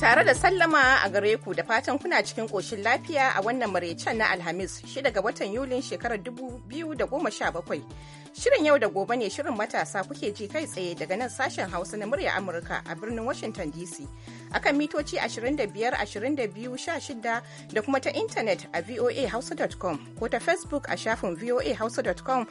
Tare da sallama a gare ku da fatan kuna cikin koshin lafiya a wannan maraicen na Alhamis shi daga watan Yulin shekarar 2017. Shirin yau da gobe ne shirin matasa kuke ji kai tsaye daga nan sashen Hausa na murya Amurka a birnin Washington DC. Akan mitoci 25, 22, 16 da kuma ta intanet a voahouse.com ko ta Facebook a shafin voahouse.com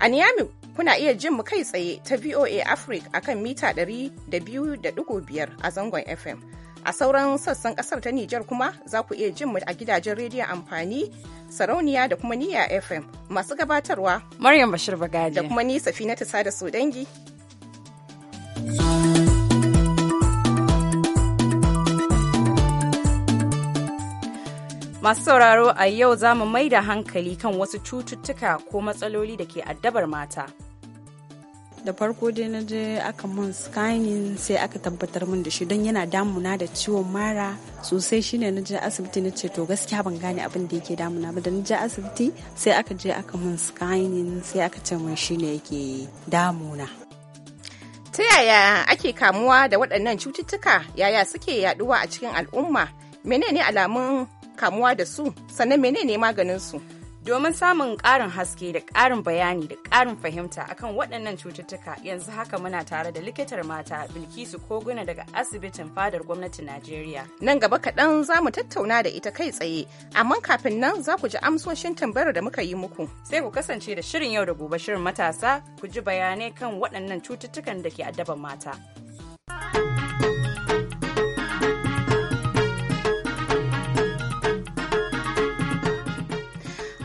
A Niamey kuna iya jin mu kai tsaye ta VOA Africa akan mita 200.5 a zangon FM. A sauran sassan kasar ta Nijar kuma za ku iya jin mu a gidajen rediyon amfani sarauniya da kuma niya FM masu gabatarwa. Maryam Bashir Bagaji. Da kuma ni Safina sada da dangi. Masu sauraro a yau za mu mai da hankali kan wasu cututtuka ko matsaloli da ke addabar mata. da farko dai na je aka mun scanning sai aka tabbatar mun da shi don yana damuna da ciwon mara sosai shine na je asibiti na ce to gaskiya ban gane abin da yake damuna ba da na je asibiti sai aka je aka mun scanning sai aka ce mun shine yake damuna ta yaya ake kamuwa da waɗannan cututtuka yaya suke yaduwa a cikin al'umma menene alamun kamuwa da su sannan menene maganin su Domin samun ƙarin haske da ƙarin bayani da ƙarin fahimta akan waɗannan cututtuka yanzu haka muna tare da likitar mata Bilkisu Koguna daga asibitin fadar gwamnatin Najeriya. Nan gaba kaɗan za mu tattauna da ita kai tsaye, amma kafin nan za ku ji amsoshin tambayar da muka yi muku. Sai ku kasance da shirin yau da gobe shirin matasa ku ji bayanai kan waɗannan cututtukan da ke addaban mata.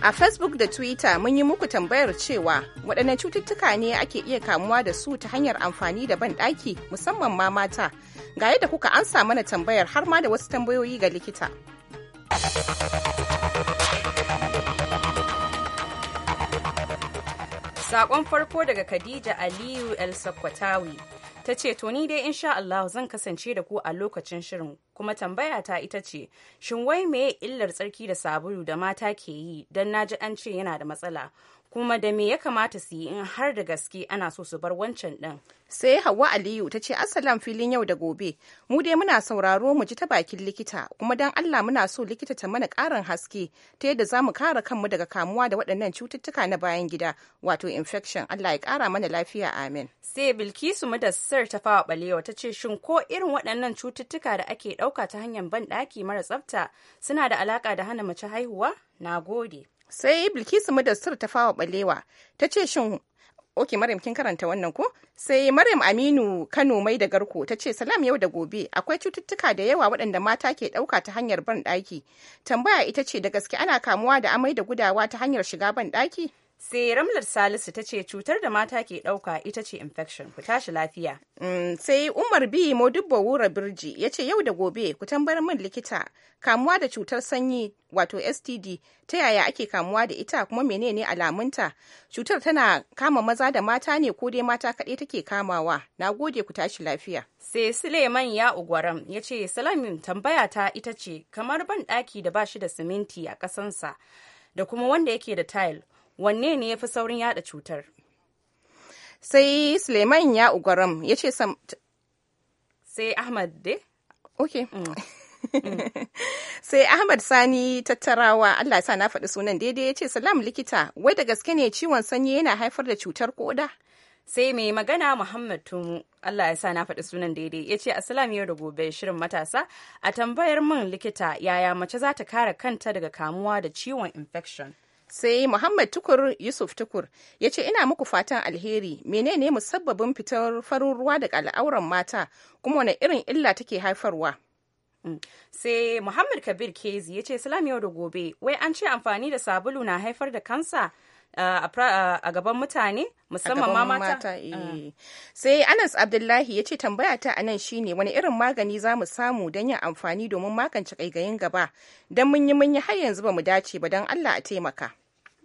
A Facebook da Twitter mun yi muku tambayar cewa waɗanne cututtuka ne ake iya kamuwa da su ta hanyar amfani da banɗaki musamman ma mata. Ga yadda kuka ansa mana tambayar har ma da wasu tambayoyi ga likita. saƙon farko daga Khadija Aliyu El Sakwatawi ta ce to ni dai insha Allah zan kasance da ku a lokacin shirin kuma tambaya ta ita ce shin wai meye illar tsarki da sabulu da mata ke yi don na ji an ce yana da matsala kuma da me ya kamata su yi in har da gaske ana so su bar wancan ɗin. Sai Hauwa Aliyu ta ce Assalam filin yau da gobe, mu dai muna sauraro mu ji ta bakin likita, kuma don Allah muna so likita ta mana ƙarin haske ta yadda za mu kare kanmu daga kamuwa da waɗannan cututtuka na bayan gida, wato infection. Allah ya kara mana lafiya amin. Sai Bilkisu sir ta fawa balewa ta ce shin ko irin waɗannan cututtuka da ake ɗauka ta hanyar banɗaki mara tsafta suna da alaƙa da hana mace haihuwa? Na gode. sai bilkisu mudassir ta fawa balewa ta ce shin ok maryam kin karanta wannan ko sai maryam aminu kano mai da garko ta ce salam yau da gobe akwai cututtuka da yawa waɗanda mata ke ɗauka ta hanyar ban tambaya ita ce da gaske ana kamuwa da amai da gudawa ta hanyar shiga ban ɗaki sai ramlar salisu ta ce cutar da mata ke ɗauka ita ce infection ku tashi lafiya mm, sai umar b modibbo wura birji ya ce yau da gobe ku tambar min likita kamuwa da cutar sanyi wato std ta yaya ake kamuwa da ita kuma menene alamunta cutar tana kama maza da mata ne ko dai mata kaɗai take kamawa na gode ku tashi lafiya sai suleiman ya ugwaram ya ce salamin tambaya ta ita ce kamar ban ɗaki da ba shi da siminti a ƙasansa da kuma wanda yake da tile wanne ne ya fi saurin yada cutar sai suleiman ya ugaram ya ce sam sai ahmad de ok mm. sai ahmad sani tattarawa allah sa na faɗi sunan daidai ya ce salam likita wai da gaske ne ciwon sanyi yana haifar da cutar koda sai mai magana muhammad tumu allah ya sa na faɗi sunan daidai ya ce asalam yau da gobe shirin matasa a tambayar min likita yaya mace za ta kare kanta daga kamuwa da ciwon infection sai muhammad tukur yusuf tukur ya ce ina muku fatan alheri menene musabbabin fitar farin ruwa daga al'auran mata kuma wani irin illa take haifarwa mm. sai muhammad kabir kezi ya ce salam yau da gobe wai an ce amfani da sabulu na haifar da kansa uh, uh, a gaban mutane musamman ma mata uh. eh. sai anas abdullahi ya ce tambaya ta a nan shine wani irin magani za mu samu don yin amfani domin magance kaigayin gaba don mun yi mun yi har yanzu ba mu dace ba don allah a taimaka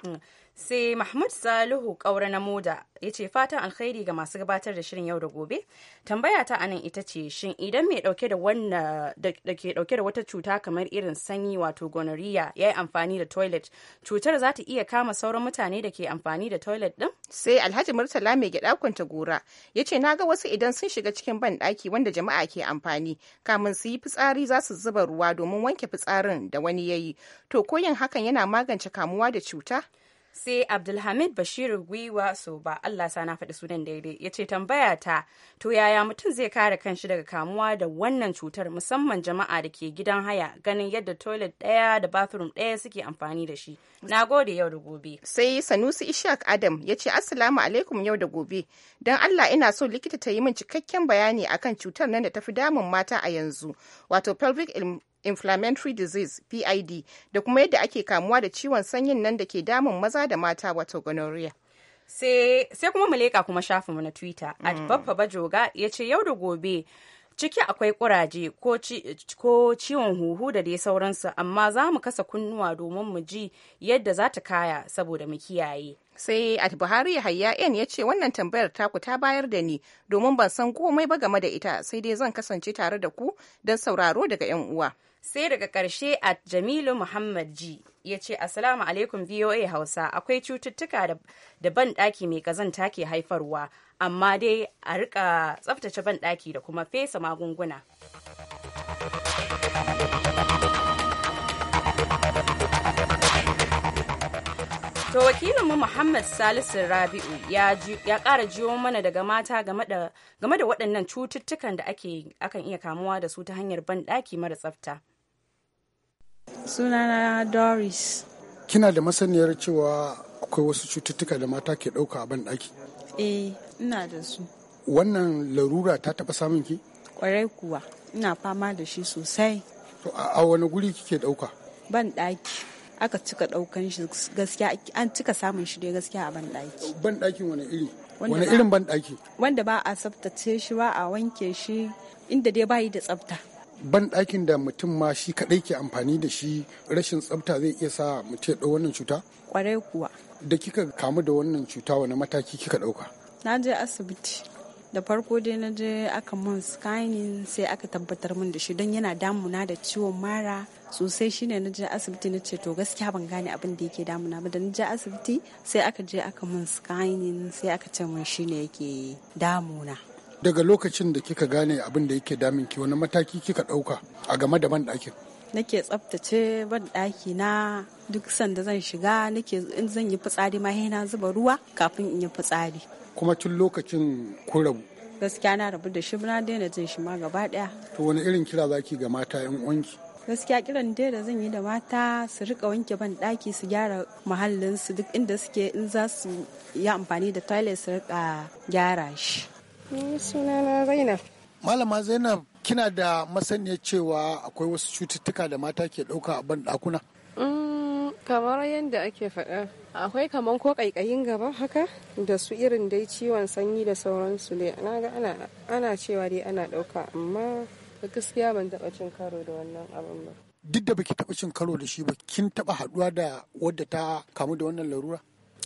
Mm. sai mahmud salihu kaura na moda ya ce fatan alkhairi ga masu gabatar da shirin yau da gobe tambaya ta anan ita ce shin idan mai dauke da wanda da ke dauke da wata cuta kamar irin sanyi wato gonorrhea ya yi amfani da toilet cutar za ta iya kama sauran mutane da ke amfani da toilet din sai alhaji murtala mai gyada kwanta gora ya ce na wasu idan sun shiga cikin ban wanda jama'a ke amfani kamin su yi fitsari za su zuba ruwa domin wanke fitsarin da wani ya yi to ko hakan yana magance kamuwa da cuta sai abdulhamid bashir gwiwa so ba allah sa na faɗi sunan daidai ya ce tambaya ta to yaya mutum zai kare kanshi daga kamuwa da wannan cutar musamman jama'a da ke gidan haya ganin yadda toilet ɗaya da bathroom ɗaya suke amfani da shi na gode yau da gobe sai sanusi ishaq adam ya ce assalamu alaikum yau da gobe don allah ina so likita ta yi min cikakken bayani akan cutar nan da tafi damun mata a yanzu wato pelvic inflammatory disease pid da kuma yadda ake kamuwa da ciwon sanyin nan da ke damun maza da mata wato gonorrhea sai kuma mu leƙa kuma shafinmu na twitter at mm. baffa bajoga ya ce yau da gobe ciki akwai kuraje ko ciwon huhu da dai sauransu amma za mu kasa kunnuwa domin mu ji yadda za ta kaya saboda mu kiyaye sai at buhari hayya n ya ce wannan tambayar taku ta bayar da ni domin ban san komai ba game da ita sai dai zan kasance tare da ku don sauraro daga 'yan uwa sai daga karshe a jamilu muhammad ji ya ce asalamu alaikum voa hausa akwai cututtuka da ban daki mai ƙazanta ke haifarwa amma dai a rika tsaftace ban daki da kuma fesa magunguna To wakilinmu Muhammad Salisu Rabi'u ya kara jiyo mana daga mata game da waɗannan cututtukan da akan iya kamuwa da su ta hanyar banɗaki mara tsafta. Sunana Doris. Kina da masaniyar cewa akwai wasu cututtuka da mata ke ɗauka a ban ɗaki? Eh, ina da su. Wannan larura ta taɓa samun ki? Kwarai kuwa, ina fama da shi sosai. To a wani guri kike ɗauka? Ban ɗaki. Aka cika ɗaukan shi gaskiya, an cika samun shi dai gaskiya a ban ɗaki. Ban ɗakin wani iri? Wani irin ban ɗaki? Wanda ba a tsaftace shi ba a wanke shi inda dai bayi da tsafta. ban ɗakin da mutum ma shi kaɗai ke amfani da shi rashin tsafta zai iya sa mutum ya wannan cuta? Ƙwarai kuwa. Da kika kamu da wannan cuta wani mataki kika ɗauka? Na je asibiti. Da farko dai na je aka mun scanning sai aka tabbatar mun da shi don yana damuna da ciwon mara sosai shine na je asibiti na ce to gaskiya ban gane abin da yake damuna ba da na je asibiti sai aka je aka mun scanning sai aka ce mun shine yake damuna. daga lokacin da kika gane abin da yake damin ki wani mataki kika ɗauka a game da man ɗakin nake tsaftace banɗaki na duk sanda zan shiga nake in zan yi fitsari ma na zuba ruwa kafin in yi fitsari kuma tun lokacin kun rabu gaskiya na rabu da shi na daina jin shi ma gaba daya to wani irin kira zaki ga mata yan uwanki gaskiya kiran dai da zan yi da mata su rika wanke ban daki su gyara muhallin su duk inda suke in za su yi amfani da toilet su rika gyara shi Sunana Zainab. Malama Zainab kina da masaniya cewa akwai wasu cututtuka da mata ke ɗauka a banɗakuna? Mm, kamar yadda ake faɗa akwai kamar ko ƙaiƙayin gaba haka da su irin dai ciwon sanyi da sauransu dai na ga ana cewa dai ana ɗauka amma gaskiya ban taɓa cin karo da wannan abin ba duk da baki taɓa cin karo da shi ba kin taɓa haɗuwa da wadda ta kamu da wannan larura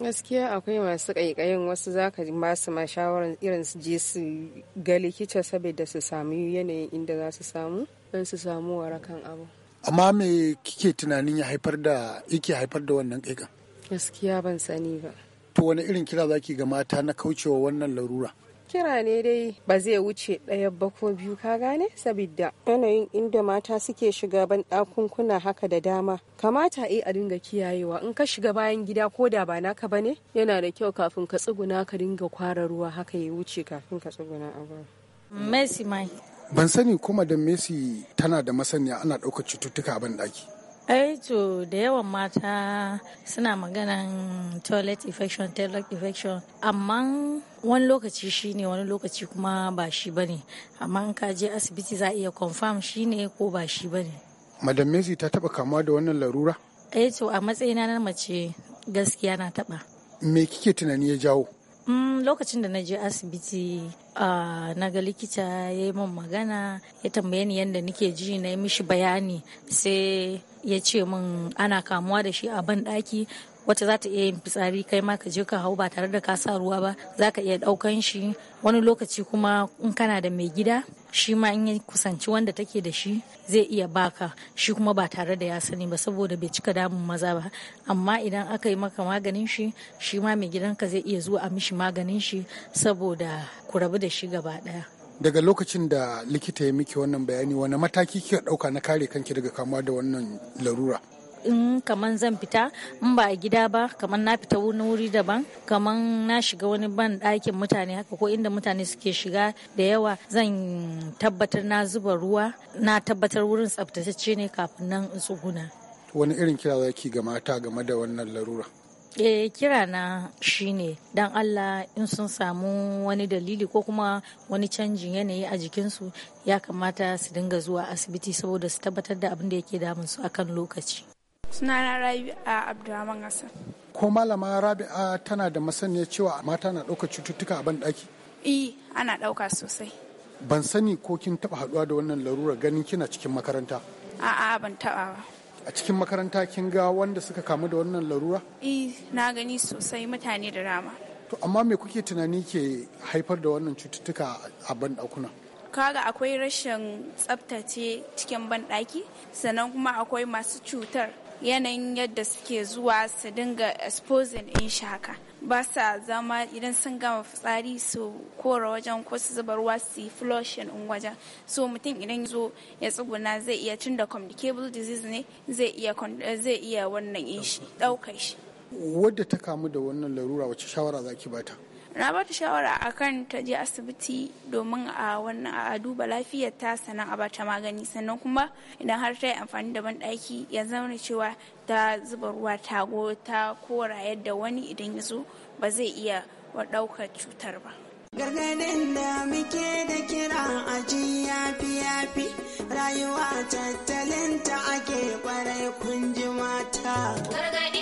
gaskiya akwai masu ƙaiƙayin wasu za ka ba su ma shawarar irin su je su ga likita saboda su sami yanayin inda za su samu don su samu warakan abu amma me kike tunanin ya haifar da yake haifar da wannan ƙaiƙan gaskiya ban sani ba to wani irin kira zaki ga mata na kaucewa wannan larura kira ne dai ba zai wuce ɗaya ba ko biyu ka gane sabidda yanayin inda mata suke shiga ban ɗakunkuna haka da dama kamata a a dinga kiyayewa in ka shiga bayan gida ko da ba naka ba ne? yana da kyau kafin ka tsuguna ka dinga kwara ruwa haka ya wuce kafin ka tsuguna a gurin. Messi mai. Ban sani kuma da Messi tana da masaniya ana ɗaukar cututtuka a ban ɗaki. ai eh, da yawan mata suna maganan toilet infection toilet infection amma wani lokaci shi ne wani lokaci kuma ba shi ba ne amma in ka je asibiti za a iya confirm shi ne ko ba shi ba ne madam messi ta taba kamuwa da wannan larura eh, to a matsayina na mace gaskiya na taba me kike tunani ya jawo Mm, lokacin da na je asibiti na ga likita ya yi min magana ya tambaye ni yadda nike ji na yi mishi bayani sai ya ce min ana kamuwa da shi a ban ɗaki wacce za ta iya yin fitsari kai ma ka je ka hau ba tare da ka sa ruwa ba za ka iya ɗaukan shi wani lokaci kuma in kana da mai gida shi ma in ya kusanci wanda take da shi zai iya baka shi kuma ba tare da ya sani ba saboda bai cika damun maza ba amma idan aka yi maka maganin shi shi ma mai gidanka zai iya zuwa a mishi maganin shi saboda ku rabu da shi gaba daya daga lokacin da likita ya miki wannan bayani wani mataki kika dauka na kare kanki daga kamuwa da wannan larura in kaman zan fita in ba a gida ba kamar na fita wani wuri daban kaman na shiga wani ban ɗakin mutane haka ko inda mutane suke shiga da yawa zan tabbatar na zuba ruwa na tabbatar wurin tsaftatacce ne kafin nan in tsuguna. Wani irin kira za ki ga mata game da wannan larura? e kira na shine dan Allah in sun samu wani dalili ko kuma wani canjin yanayi a jikinsu ya kamata su dinga zuwa asibiti saboda su tabbatar da abin da yake damun su akan lokaci Sunana Rabi'a Abdulrahman Hassan. Ko malama Rabi'a tana da masaniya cewa mata na ɗaukar cututtuka a ban ɗaki? Eh, ana ɗauka sosai. Ban sani ko kin taɓa haɗuwa da wannan larura ganin kina cikin makaranta? A'a, ban taɓa ba. a cikin makaranta kin ga wanda suka kamu da wannan larura? Eh, na gani sosai mutane da dama. To amma me kuke tunani ke haifar da wannan cututtuka a banɗakuna? Kaga akwai rashin tsaftace cikin banɗaki, sannan kuma akwai masu cutar yanayin yadda suke zuwa su dinga exposing in shi haka ba sa zama idan sun gama fitsari su kora wajen ko su zuba ruwa su yi flushing in wajen so mutum idan zo ya tsuguna zai iya tun da communicable disease ne zai iya zai wannan in shi daukar shi wadda ta kamu da wannan larura wacce shawara zaki bata na bata shawara shawara akan ta je asibiti domin a wannan a duba lafiyar ta sannan a bata magani sannan kuma idan har ta yi amfani da banɗaki ya zama cewa ta zuba ruwa ta go ta kora yadda wani idan ya zo ba zai iya ɗaukar cutar ba. gargadin da muke da kira a ji yafi yafi rayuwa tattalin ta ake kwarai kun ji mata.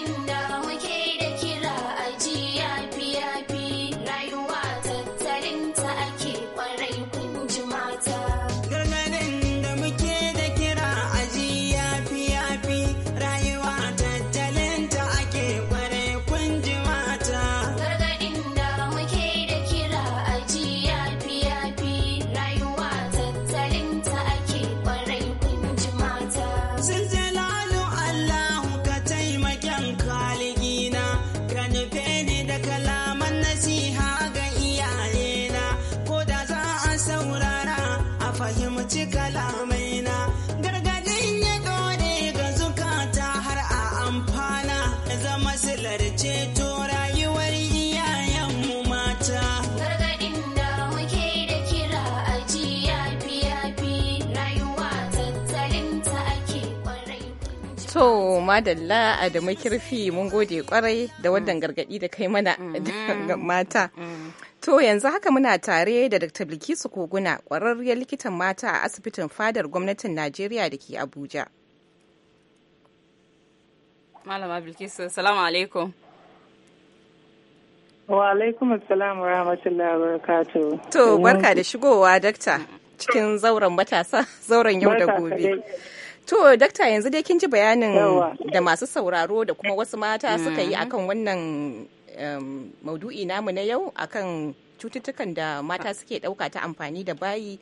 To madalla Adamu kirfi mun gode kwarai da wannan gargadi da kai mana mm. mm. mata. Mm. To yanzu haka muna tare da Dr. Bilkisu Koguna kwararriyar likitan mata a asibitin fadar gwamnatin Najeriya da ke Abuja. Malama Bilkisu, salamu alaikum. Wa alaikum assalam wa rahmatullahi wa barakatuh. To barka da shigowa dakta cikin zauren matasa, zauren yau da gobe. To, dakta yanzu dai kin ji bayanin da masu sauraro da kuma wasu mata suka yi mm-hmm. akan wannan um, maudu'i namu na yau akan cututtukan da mata ah. suke ɗauka ta amfani da bayi.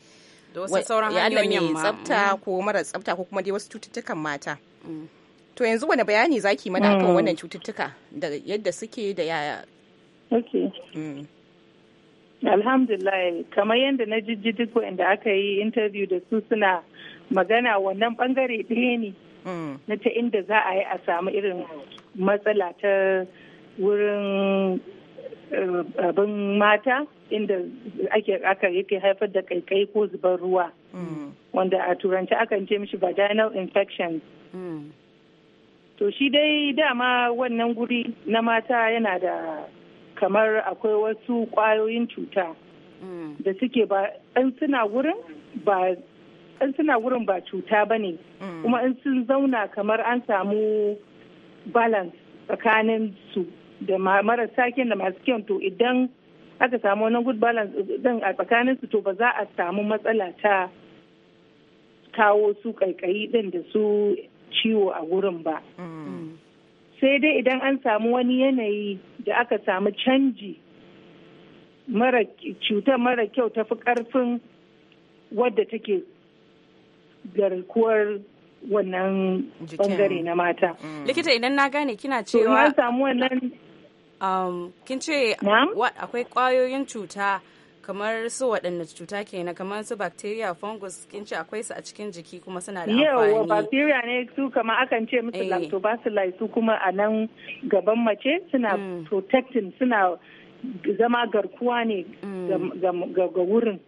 Da wasu sauran hanyoyin tsafta mm-hmm. ko mara tsafta ko kuma dai wasu cututtukan mata. Mm. To yanzu wani bayani zaki mana akan mm. wannan cututtuka da yadda suke da yaya. Okay. Mm. Alhamdulillah kamar yadda na jijji duk wanda aka yi interview da su suna magana wannan bangare ɗaya ne mm. na ta inda za a yi a samu irin matsala ta wurin eh, abin mata inda ake aka yake haifar da kaikai ko zubar ruwa mm. wanda a turanci akan ce mishi vaginal infection mm. to shi dai dama wannan guri na mata yana da kamar akwai wasu kwayoyin cuta da suke ba ɗan suna wurin ba in suna wurin ba cuta ba ne mm. kuma in sun zauna kamar an samu balance tsakanin su da marasa kyan da masu kyan to idan aka samu wani good balance din a tsakanin su to ba za a samu matsala ta kawo su kaikayi din da su ciwo a wurin ba mm. sai dai idan an samu wani yanayi da aka samu canji cuta cutar mara kyau tafi karfin wadda take garkuwar wannan bangare na mata. Mm. Likita idan na gane kina cewa. samu wannan. Um, kin ce akwai kwayoyin cuta kamar su waɗanne cuta kenan kamar su bacteria fungus kin ce akwai su a cikin jiki kuma suna da amfani. Yau bacteria ne su kama akan ce musu eh. lactobacilli su kuma a nan gaban mace suna mm. protecting suna zama garkuwa ne mm. ga wurin.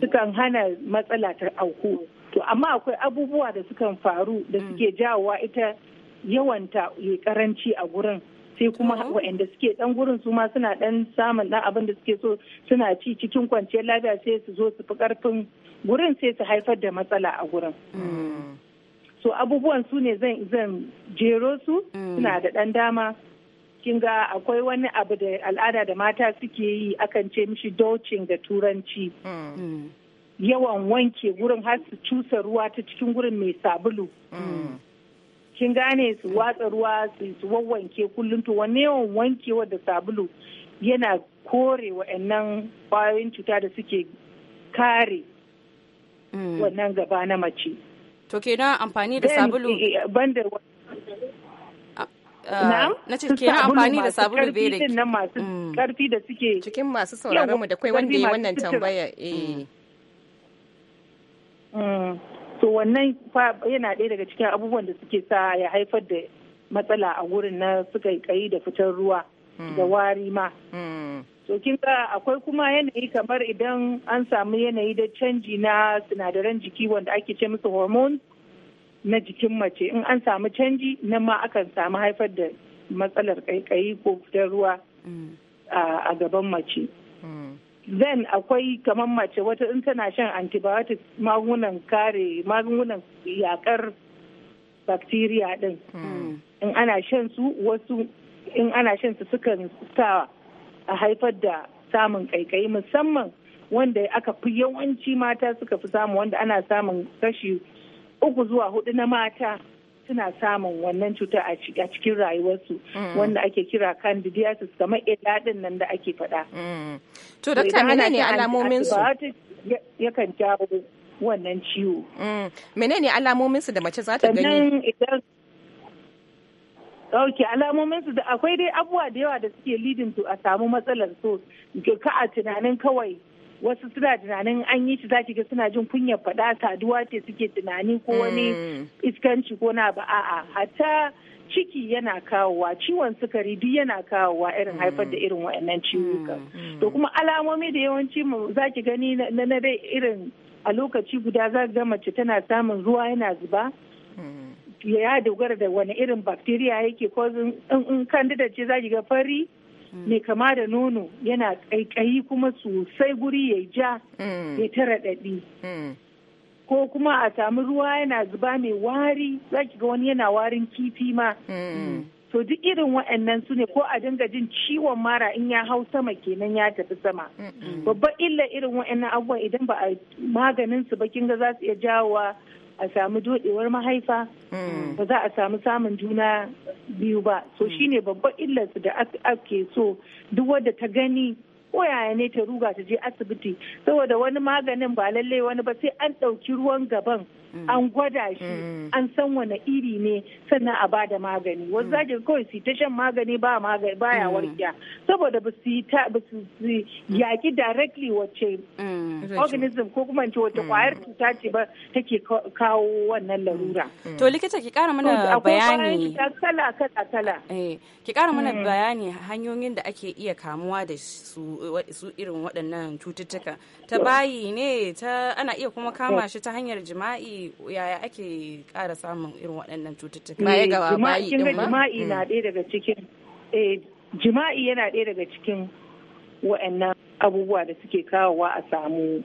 Sukan hana matsala ta auku. to amma akwai abubuwa da sukan faru da mm. suke jawowa ita yawanta ya karanci a gurin sai kuma oh. waɗanda suke ɗan gurin su ma suna ɗan samun ɗan abin da suke so suna ci cikin kwanciyar lafiya sai su zo su fi karfin gurin sai su haifar da matsala a gurin mm. so abubuwan su ne zan zan jero su mm. suna da ɗan dama kin ga akwai wani abu da al'ada da mata suke yi akan ce mishi docin da turanci yawan wanke gurin har su cusa ruwa ta cikin gurin mai sabulu kin gane su watsa ruwa su wawwanke kullum to wanne yawan wankewa da sabulu yana kore wa'annan kwayoyin cuta da suke kare mm. wannan gaba na mace to kenan amfani da sabulu eh, eh, bandar ah, ah, na cikin amfani da sabulu bai da masu karfi mm. da suke cikin masu sauraron mu da kwai wanda ya wannan tambaya eh mm. to mm. wannan yana ɗaya daga cikin abubuwan da suke sa ya haifar da matsala a wurin na suka sukaikayi da fitar ruwa mm. da wari ma to mm. kin ga akwai kuma yanayi kamar idan an samu yanayi da canji na sinadaran jiki wanda ake ce musu hormone na jikin mace in an samu canji nan ma akan samu haifar da matsalar kaikayi ko fitar ruwa a gaban mace then akwai kamar mace wata in tana shan antibiotics magungunan kare magungunan yakar bacteria din hmm. in ana shan su wasu in ana shan su sukan sa a haifar da samun kaikayi musamman wanda aka fi yawanci mata suka fi samu wanda ana samun kashi uku zuwa hudu na mata suna samun wannan cuta a cikin rayuwarsu mm. wanda ake kira candidiasis kamar ila din nan da ake faɗa. Mm. To, dokta menene alamomin su? Yakan jawo wannan ciwo. Mm. Menene alamomin su da mace za ta gani? idan Ok, alamominsu da akwai dai abubuwa da yawa da suke leading to a samu matsalar so, ka a tunanin kawai wasu suna tunanin an yi shi zaki ga suna jin kunyar faɗa saduwa ce suke tunani ko wani mm. iskanci ko na ba a'a hatta ciki yana kawowa ciwon sukari duk yana kawowa irin mm. haifar da irin wa'annan ciwuka mm. to kuma alamomi da yawanci zaki gani na na dai irin a lokaci guda za ga mace tana samun ruwa yana zuba ya dogara da wani irin bacteria yake ko in candida ce zaki ga fari Mm. mai kama da nono yana ƙaiƙayi kuma sosai guri ya ja mm. ya tara raɗaɗi mm. ko kuma a sami ruwa yana zuba mai wari zaki ga wani yana warin kifi ma to duk irin waɗannan su ne ko a dinga jin ciwon mara in ya hau sama kenan ya tafi sama babban illa irin waɗannan abubuwan idan ba a maganin su ba kinga ga za su iya jawowa a samu dodewar mahaifa mm. ba za a samu samun juna biyu ba so mm. shine babban illarsu da ake so duk wadda ta gani koyaya ne ta ruga ta je asibiti saboda wani maganin ba lallai wani ba sai an ɗauki ruwan gaban Mm. an gwada shi mm. an san wani iri ne sannan a bada magani wasu mm. zaki kawai su ta shan magani ba magani baya warkiya saboda ba su yaki directly wacce organism ko kuma ce wata kwayar cuta ce ba take kawo wannan larura to likita ki kara mana bayani eh, ki kara mana bayani hanyoyin da ake iya kamuwa da su irin waɗannan cututtuka ta bayi ne ana iya kuma kama shi ta hanyar jima'i yaya ake ƙara samun irin waɗannan cututtuka eh, baya bayi din ma jima'i na hmm. ɗaya daga cikin eh, jima'i yana ɗaya daga cikin waɗannan abubuwa da suke kawowa a samu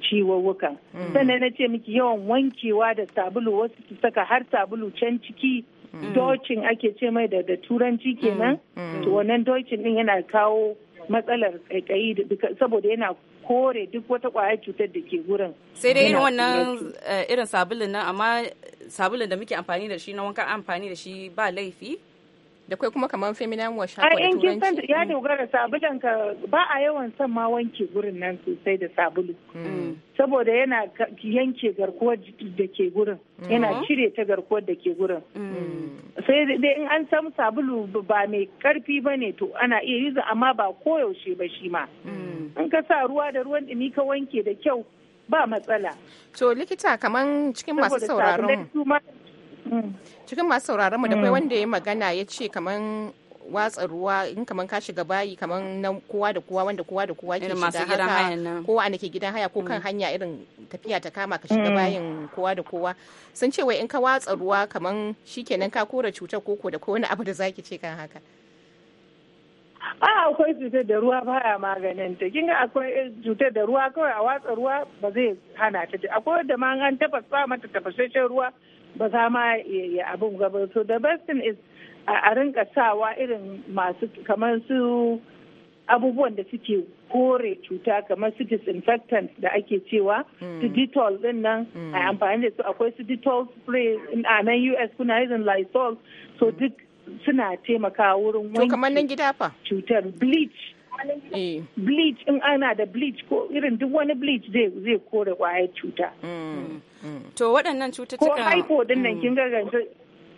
ciwuwukan hmm. sannan na ce miki yawan wankewa da sabulu wasu su saka har sabulu can ciki hmm. docin ake ce mai da turanci kenan to wannan docin din yana kawo matsalar kaikayi saboda yana kore duk wata kwayar cutar da ke wurin. sai dai eh, irin wannan irin sabulin nan amma sabulin da muke amfani da shi na wanka amfani da shi ba laifi da kai kuma kamar feminine wash haka da turanci ya mm. dogara sabulan ka ba a yawan son ma wanke gurin nan sosai da sabulu mm. saboda yana yanke garkuwar da ke gurin mm. yana cire ta garkuwar da ke gurin sai dai in an san sabulu ba mai karfi bane ne to ana iya yi amma ba koyaushe ba shi ma in ka sa ruwa da ruwan dumi ka wanke da kyau ba matsala to likita kaman cikin masu sauraron cikin masu sauraron mu da kai mm. wanda ya magana ya ce kaman watsa ruwa in kaman ka shiga bayi kaman na kowa da kowa wanda kowa da kowa ke shiga haka kowa a nake gidan haya ko kan mm. hanya irin tafiya ta kama ka shiga mm. bayin kowa da kowa sun ce wai in ka watsa ruwa kaman shikenan ka kora cutar koko da ko wani abu da zaki ce kan haka a akwai cutar da ruwa baya maganin ta kinga akwai cutar da ruwa kawai a watsa ruwa ba zai hana ta akwai da ma an tafasa mata tafasasshen ruwa ba za ma ya abin gaba so the best thing is a rinka sawa irin masu kamar su abubuwan da suke kore cuta kamar su disinfectant da ake cewa mm. su detol din nan mm. a amfani da su akwai su detol spray a nan us kuna yin lysol so mm. duk suna taimakawa wurin wanke cutar bleach eh. bleach in ana da bleach ko irin duk wani bleach zai kore kwayar cuta To waɗannan cututtuka. Ko haifo din nan mm. kin ga yanzu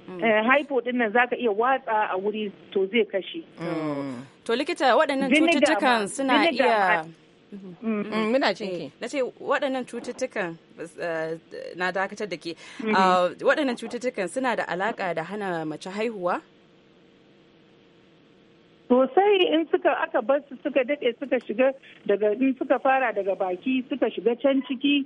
mm. haifo eh, din nan zaka iya watsa a wuri to zai kashe. Mm. To likita waɗannan cututtukan suna iya mm-hmm. muna cinki eh, na ce waɗannan cututtukan eh, na dakatar da ke mm-hmm. ah, waɗannan cututtukan suna da alaƙa da hana mace haihuwa sosai in suka aka bar su suka daɗe suka shiga daga in suka fara daga baki suka shiga can ciki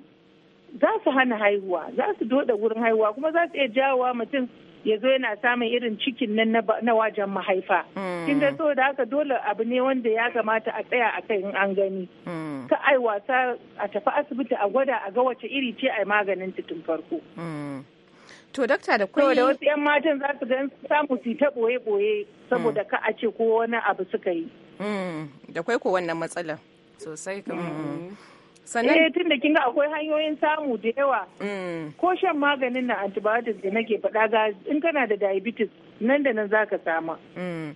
za su hana haihuwa za su doda wurin haihuwa kuma za su iya jawowa mutum ya zo yana samun irin cikin nan na wajen mahaifa. Hmm. Kin ga saboda haka dole abu ne wanda ya kamata a tsaya a kai in an gani. Hmm. Ka ai wasa a tafi asibiti a gwada a ga wace iri ce ai maganin tun farko. Hmm. To da da wasu 'yan matan za su gan samu su ta boye-boye saboda ka a ce ko wani abu suka yi. Da kwai ko wannan matsalar sosai kamar. sannan eh tunda kinga akwai hanyoyin samu da yawa mm. ko shan maganin na antibiotics da nake faɗa ga in kana da diabetes nan da nan zaka sama mm.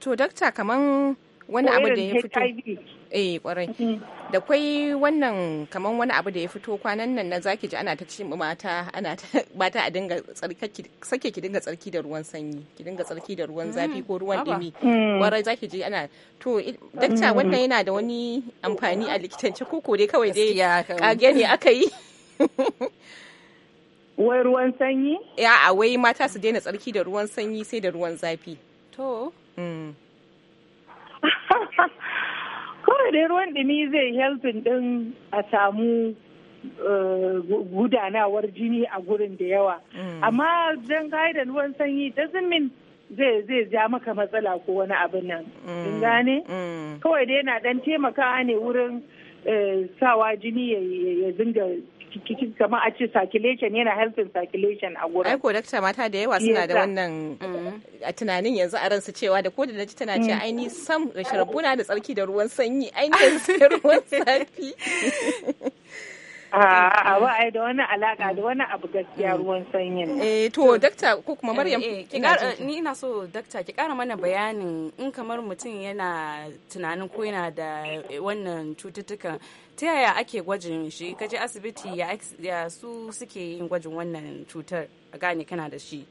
to dakta kaman wani abu da ya fito eh kwarai mm-hmm. da kwai wannan kaman wani abu da ya fito kwanan nan na zaki ji ana ta ci mata ana mata a dinga tsarkaki sake ki dinga tsarki da ruwan sanyi ki dinga tsarki da ruwan zafi mm, ko ruwan dumi mm. kwarai zaki ji ana to dakta mm. wannan yana da wani amfani a likitance ko ko dai kawai dai kage ne aka yi wai ruwan sanyi ya a wai mata su daina tsarki da ruwan sanyi sai da ruwan zafi to dai ruwan dumi zai helpin ɗin a samu eh, gudanawar jini a gurin da yawa mm. amma don da ruwan sanyi doesn't mean zai zai ja maka matsala ko wani abin nan mm. in gane mm. kawai dai yana dan taimakawa ne wurin eh, sawa jini ya zinga kama a ce circulation yana helping circulation a gurin. Aiko dakta mata da yawa suna da wannan a tunanin yanzu a ransa cewa da ko da naji tana ce aini sam da sharabuna da tsarki da ruwan sanyi aini da ruwan sanyi. A'a ba ai da wani alaka da wani abu gaskiya mm. ruwan sanyin. Eh to dakta ko kuma Maryam eh, eh, ni ina so dakta ki kara mana bayanin in kamar mutum yana tunanin ko yana da wannan cututtukan ta yaya ake gwajin shi ka je asibiti ya su suke yin gwajin wannan cutar a gane kana da shi.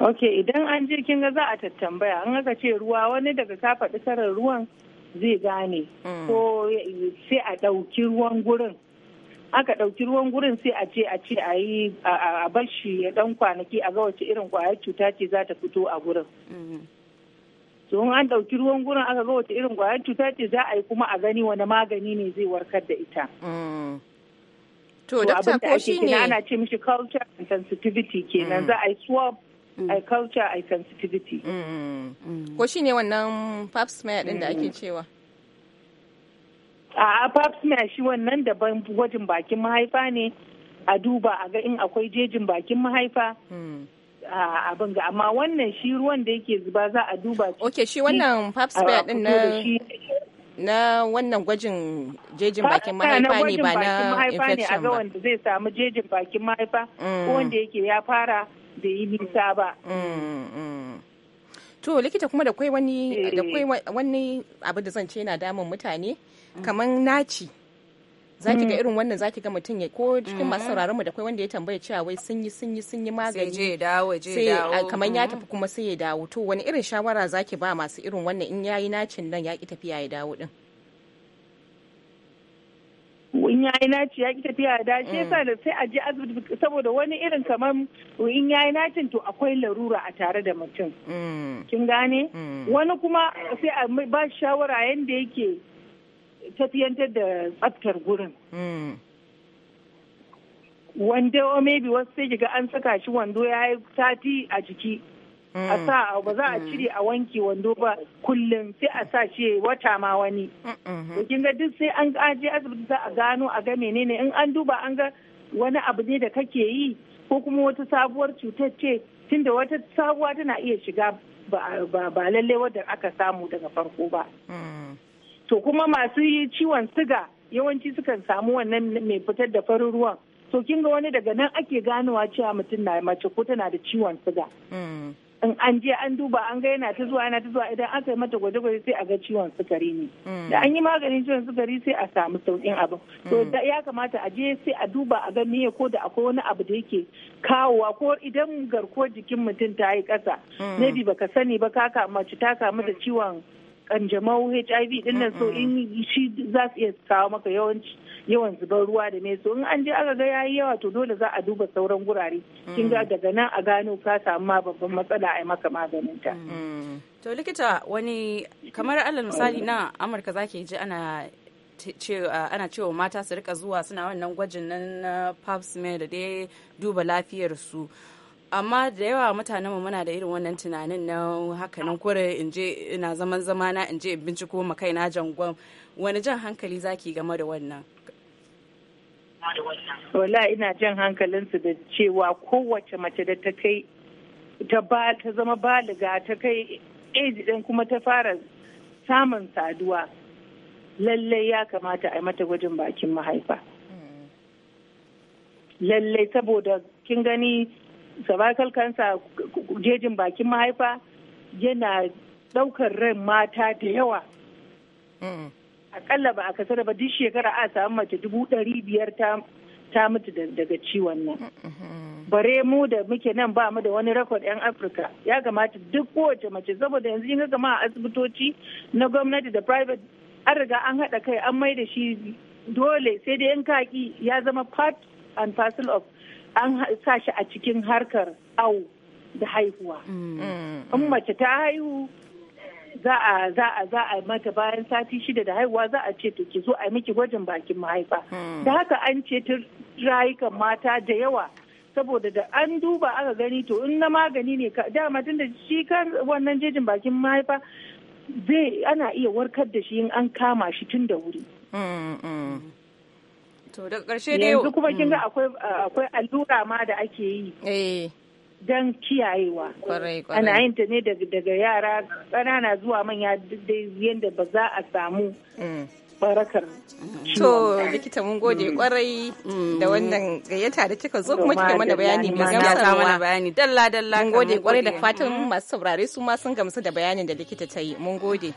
ok idan an je kin ga za a tattambaya an aka ce ruwa wani daga ka faɗi karar ruwan zai gane mm. ko sai a ɗauki ruwan gurin aka ɗauki ruwan gurin sai a ce a ce a yi a bar shi ya ɗan kwanaki a ga wace irin kwayar cuta ce za ta fito a gurin mm-hmm. to in an ɗauki ruwan gurin aka ga wace irin kwayar cuta ce za a yi kuma a gani wani magani ne zai warkar da ita mm. to da ake kina ana ce mishi culture and sensitivity kenan mm. za a yi swab A mm. culture a sensitivity mm, mm. ko shi ne wannan pap smear din da ake cewa a pap smear shi wannan daban gwajin bakin mahaifa ne a duba a ga in akwai jejin bakin mahaifa abin ga amma wannan shi ruwan da yake zuba za a duba ok shi wannan pap smear din na na wannan gwajin jejin bakin mahaifa ne ba na infection ba. A ga wanda zai samu jejin bakin mahaifa ko wanda yake ya fara da yi nisa ba to likita kuma da kwai wani da eh. kwai wani abu da zan ce yana damun mutane kamar naci za ki ga irin wannan za ki ga mutum ya ko cikin masu mm-hmm. sauraron mu da kwai wanda ya tambaya cewa wai sun yi sun yi sun yi magani sai je dawo je dawo kamar ya mm-hmm. tafi kuma sai ya dawo to wani irin shawara za ki ba masu irin wannan in yayi nacin nan ya ki tafiya ya dawo din ya yi naci ya ki tafiya da shi mm. yasa da sai a je asibiti saboda wani irin kamar in yi nacin to akwai larura a tare da mutum mm. kin gane mm. wani kuma sai a ba shawara yanda yake tafiyantar da tsaftar gurin wanda o maybe wasu sai ga an saka shi wando ya yi sati a jiki a sa mm. ba za a mm. cire a wanke wando ba kullum sai a sa shi wata ma wani mm-hmm. kin ga duk sai an aje asibiti za a gano a ga menene in an duba an ga wani abu ne da kake yi ko kuma wata sabuwar cutar ce tunda wata sabuwa tana iya shiga ba lalle wadda aka samu daga farko ba mm. to kuma masu yi ciwon siga yawanci sukan samu wannan mai fitar da farin ruwan to kin ga wani daga nan ake ganowa cewa mutum na mace ko tana da ciwon siga in an je an duba an ga yana ta zuwa yana ta zuwa idan aka yi mata gwaje-gwaje sai a ga ciwon sukari ne mm. da an yi maganin ciwon sukari sai a samu sauƙin abin to mm. ya kamata a je sai a duba a ga meye ko da akwai wani abu da yake kawowa ko idan garkuwar jikin mutum ta yi ƙasa mm. bi baka sani ba ka kama ta kamu da ciwon kanjamau hiv dinnan so in shi za su iya kawo maka yawanci yawan zubar ruwa da meso in an je aka ga yayi yawa to dole za a duba sauran gurare kin ga mm. daga nan a gano ka samu ma babban matsala a maka maganin ta mm. to likita wani kamar alal misali na amurka zaki ji ana ana cewa mata su rika zuwa suna wannan gwajin nan na pap smear da dai duba lafiyar su amma da yawa mutanen mu muna da irin wannan tunanin na haka nan kure in je ina zaman zamana in je in binciko ma kaina jangon wani jan hankali zaki game da wannan wala ina jan hankalinsu da cewa kowace mace da ta kai ta ba ta zama baliga ta kai eji din kuma ta fara samun saduwa lallai ya kamata a yi mata gwajin bakin mahaifa lallai saboda kin gani cervical cancer jejin bakin mahaifa yana daukar ran mata da yawa mm. akalla ba a kasar ba duk shekara a samu mace dubu ɗari biyar ta mutu daga ciwon nan bare mu da muke nan ba mu da wani rekod 'yan afirka ya kamata duk kowace mace saboda yanzu yin gama a asibitoci na gwamnati da private an riga an haɗa kai an mai da shi dole sai dai yan kaki ya zama part and parcel of an sa shi a cikin harkar awo da haihuwa mm. in mace ta haihu za a za a za a mata bayan sati shida da haihuwa za a ce to ki zo a miki gwajin bakin mahaifa hmm. da haka an ce ta rayukan mata da yawa saboda da an duba aka gani to in na magani ne dama tun da shi kan wannan jejin bakin mahaifa zai ana iya warkar da shi in an kama shi tun da wuri hmm, hmm. to daga karshe ne yanzu kuma kin ga akwai allura ma da ake yi eh. don kiyayewa. Ana yin ta ne daga yara ƙanana zuwa manya dai yadda ba za a samu mm. barakar. To likita mun gode mm. kwarai mm, da wannan gayyata da kika zo kuma kika mana bayani mai gamsarwa. mana bayani dalla dalla. Mun gode kwarai da fatan masu saurare su ma sun gamsu da bayanin da likita ta yi. Mun gode.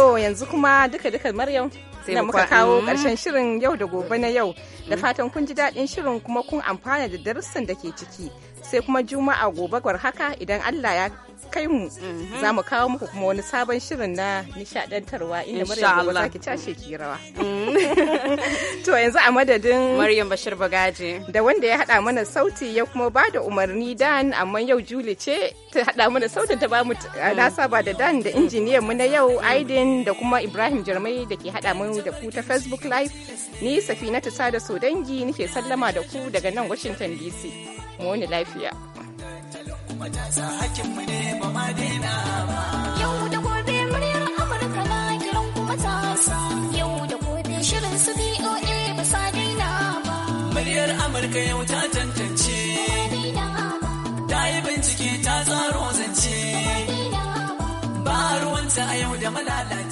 To yanzu kuma duka-duka Maryam. da muka kawo karshen mm. shirin yau da gobe na yau da mm. fatan kun ji daɗin shirin kuma kun amfana da darussan da ke ciki sai kuma juma'a gobe gwar haka idan allah ya kai mu mhm. za mu kawo muku kuma wani sabon shirin na nishadantarwa inda Maryam gobe zaki cashe ki rawa. Mhm. To yanzu a madadin Maryam Bashir Bagaje da wanda ya hada mana sauti ya kuma ba da umarni Dan amma yau Juli ce ta hada mana sautin ta ba mu nasa ba da Dan da injiniyan mu na yau Aidin da kuma Ibrahim Jarmai da ke hada mu da ku ta Facebook Live ni ta Sada so dangi nake sallama da ku daga nan Washington DC. Mu wani lafiya. matasa mu ne ba ma daina ba. Yau da gobe muryar Amurka na kiran ku matasa. Yau da gobe shirin su BOA ba sa daina ba. Muryar Amurka yau ta tantance. Ta yi bincike ta tsaro zance. Ba ruwanta a yau da malalaci.